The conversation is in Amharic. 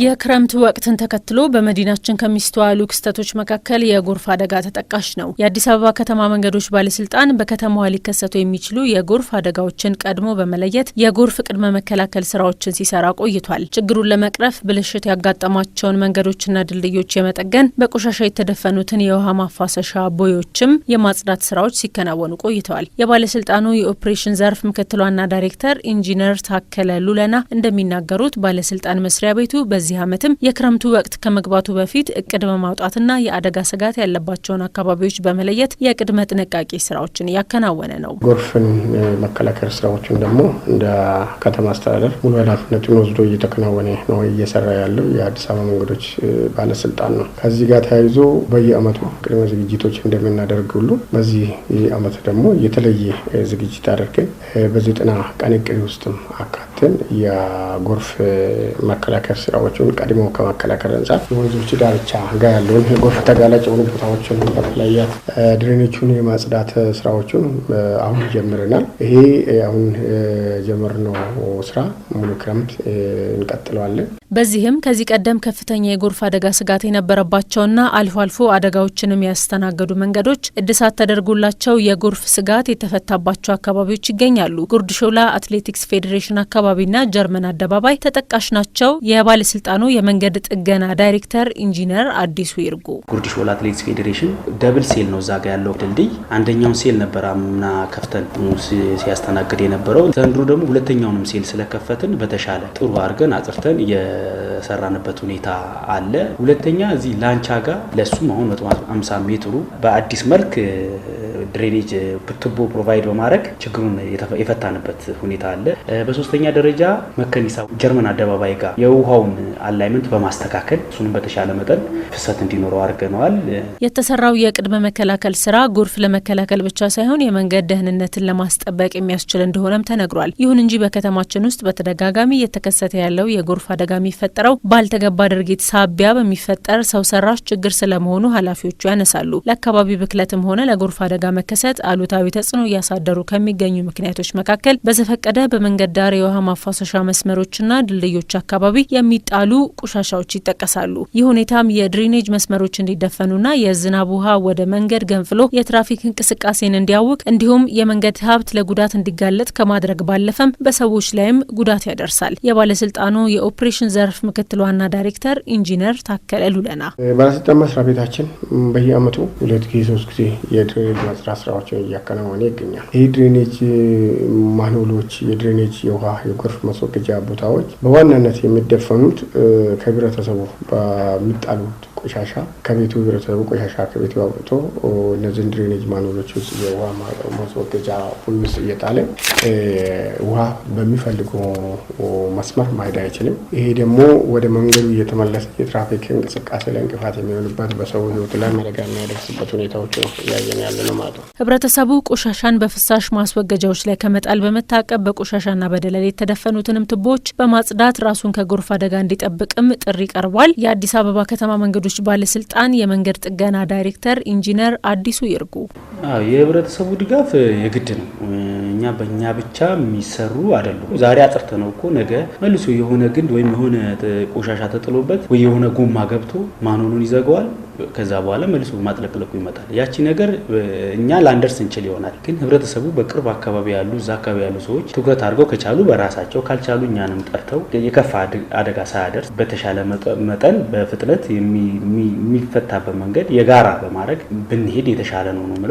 የክረምት ወቅትን ተከትሎ በመዲናችን ከሚስተዋሉ ክስተቶች መካከል የጎርፍ አደጋ ተጠቃሽ ነው። የአዲስ አበባ ከተማ መንገዶች ባለስልጣን በከተማዋ ሊከሰቱ የሚችሉ የጎርፍ አደጋዎችን ቀድሞ በመለየት የጎርፍ ቅድመ መከላከል ስራዎችን ሲሰራ ቆይቷል። ችግሩን ለመቅረፍ ብልሽት ያጋጠማቸውን መንገዶችና ድልድዮች የመጠገን በቆሻሻ የተደፈኑትን የውሃ ማፋሰሻ ቦዮችም የማጽዳት ስራዎች ሲከናወኑ ቆይተዋል። የባለስልጣኑ የኦፕሬሽን ዘርፍ ምክትል ዋና ዳይሬክተር ኢንጂነር ታከለ ሉለና እንደሚናገሩት ባለስልጣን መስሪያ ቤቱ በዚህ ዓመትም የክረምቱ ወቅት ከመግባቱ በፊት እቅድ በማውጣትና የአደጋ ስጋት ያለባቸውን አካባቢዎች በመለየት የቅድመ ጥንቃቄ ስራዎችን እያከናወነ ነው። ጎርፍን መከላከል ስራዎችን ደግሞ እንደ ከተማ አስተዳደር ሙሉ ኃላፊነቱን ወስዶ እየተከናወነ ነው እየሰራ ያለው የአዲስ አበባ መንገዶች ባለስልጣን ነው። ከዚህ ጋር ተያይዞ በየአመቱ ቅድመ ዝግጅቶች እንደምናደርግ ሁሉ በዚህ አመት ደግሞ የተለየ ዝግጅት አድርገን በዘጠና ቀን እቅድ ውስጥም አካተን የጎርፍ መከላከል ስራዎች ቦታዎችን ቀድሞ ከመከላከል አንጻር የወንዞች ዳርቻ ጋር ያለውን የጎርፍ ተጋላጭ የሆኑ ቦታዎችን በመለየት ድሬኖቹን የማጽዳት ስራዎችን አሁን ጀምረናል። ይሄ አሁን የጀመርነው ስራ ሙሉ ክረምት እንቀጥለዋለን። በዚህም ከዚህ ቀደም ከፍተኛ የጎርፍ አደጋ ስጋት የነበረባቸውና አልፎ አልፎ አደጋዎችንም ያስተናገዱ መንገዶች እድሳት ተደርጎላቸው የጎርፍ ስጋት የተፈታባቸው አካባቢዎች ይገኛሉ። ጉርድ ሾላ አትሌቲክስ ፌዴሬሽን አካባቢና ጀርመን አደባባይ ተጠቃሽ ናቸው። የባለስልጣ ባለስልጣኑ የመንገድ ጥገና ዳይሬክተር ኢንጂነር አዲሱ ይርጉ። ጉርድ ሾላ አትሌቲክስ ፌዴሬሽን ደብል ሴል ነው እዛ ጋ ያለው ድልድይ። አንደኛውን ሴል ነበር አምና ከፍተን ሲያስተናግድ የነበረው። ዘንድሮ ደግሞ ሁለተኛውንም ሴል ስለከፈትን በተሻለ ጥሩ አድርገን አጥርተን የሰራንበት ሁኔታ አለ። ሁለተኛ እዚህ ላንቻ ጋር ለሱም አሁን መቶ ሜትሩ በአዲስ መልክ ድሬኔጅ ቱቦ ፕሮቫይድ በማድረግ ችግሩን የፈታንበት ሁኔታ አለ። በሶስተኛ ደረጃ መከኒሳ ጀርመን አደባባይ ጋር የውሃውን አላይመንት በማስተካከል እሱንም በተሻለ መጠን ፍሰት እንዲኖረው አድርገነዋል። የተሰራው የቅድመ መከላከል ስራ ጎርፍ ለመከላከል ብቻ ሳይሆን የመንገድ ደህንነትን ለማስጠበቅ የሚያስችል እንደሆነም ተነግሯል። ይሁን እንጂ በከተማችን ውስጥ በተደጋጋሚ እየተከሰተ ያለው የጎርፍ አደጋ የሚፈጠረው ባልተገባ ድርጊት ሳቢያ በሚፈጠር ሰው ሰራሽ ችግር ስለመሆኑ ኃላፊዎቹ ያነሳሉ። ለአካባቢ ብክለትም ሆነ ለጎርፍ አደጋ መከሰት አሉታዊ ተጽዕኖ እያሳደሩ ከሚገኙ ምክንያቶች መካከል በዘፈቀደ በመንገድ ዳር የውሃ ማፋሰሻ መስመሮችና ድልድዮች አካባቢ የሚጣሉ ቆሻሻዎች ይጠቀሳሉ። ይህ ሁኔታም የድሬኔጅ መስመሮች እንዲደፈኑና የዝናብ ውሃ ወደ መንገድ ገንፍሎ የትራፊክ እንቅስቃሴን እንዲያውቅ እንዲሁም የመንገድ ሀብት ለጉዳት እንዲጋለጥ ከማድረግ ባለፈም በሰዎች ላይም ጉዳት ያደርሳል። የባለስልጣኑ የኦፕሬሽን ዘርፍ ምክትል ዋና ዳይሬክተር ኢንጂነር ታከለ ሉለና ባለስልጣን መስሪያ ቤታችን በየአመቱ ሁለት ጊዜ ሶስት ጊዜ የድሬኔጅ ስራ ስራዎችን እያከናወነ ይገኛል። ይህ ድሬኔጅ ማኖሎች፣ የድሬኔጅ የውሃ የጎርፍ ማስወገጃ ቦታዎች በዋናነት የሚደፈኑት ከህብረተሰቡ በሚጣሉት ቆሻሻ ከቤቱ ህብረተሰቡ ቆሻሻ ከቤቱ አውጥቶ እነዚህን ድሬኔጅ ማኖሎች ውስጥ የውሃ ማስወገጃ ውስጥ እየጣለ ውሃ በሚፈልገው መስመር ማሄድ አይችልም። ይሄ ደግሞ ወደ መንገዱ እየተመለሰ የትራፊክ እንቅስቃሴ ላይ እንቅፋት የሚሆንበት በሰው ህይወት ላይ አደጋ የሚያደርስበት ሁኔታዎች እያየን ያለ ነው ማለት ነው። ተቀምጧል። ህብረተሰቡ ቆሻሻን በፍሳሽ ማስወገጃዎች ላይ ከመጣል በመታቀብ በቆሻሻና በደለል የተደፈኑትንም ትቦዎች በማጽዳት ራሱን ከጎርፍ አደጋ እንዲጠብቅም ጥሪ ቀርቧል። የአዲስ አበባ ከተማ መንገዶች ባለስልጣን የመንገድ ጥገና ዳይሬክተር ኢንጂነር አዲሱ ይርጉ የህብረተሰቡ ድጋፍ የግድ ነው። እኛ በእኛ ብቻ የሚሰሩ አይደሉም። ዛሬ አጥርተ ነው እኮ ነገ መልሶ የሆነ ግንድ ወይም የሆነ ቆሻሻ ተጥሎበት ወይ የሆነ ጎማ ገብቶ ማኖኑን ይዘገዋል። ከዛ በኋላ መልሶ ማጥለቅለቁ ይመጣል። ያቺ ነገር እኛ ላንደርስ እንችል ይሆናል፣ ግን ህብረተሰቡ በቅርብ አካባቢ ያሉ እዛ አካባቢ ያሉ ሰዎች ትኩረት አድርገው ከቻሉ በራሳቸው ካልቻሉ እኛንም ጠርተው የከፋ አደጋ ሳያደርስ በተሻለ መጠን በፍጥነት የሚፈታበት መንገድ የጋራ በማድረግ ብንሄድ የተሻለ ነው ነው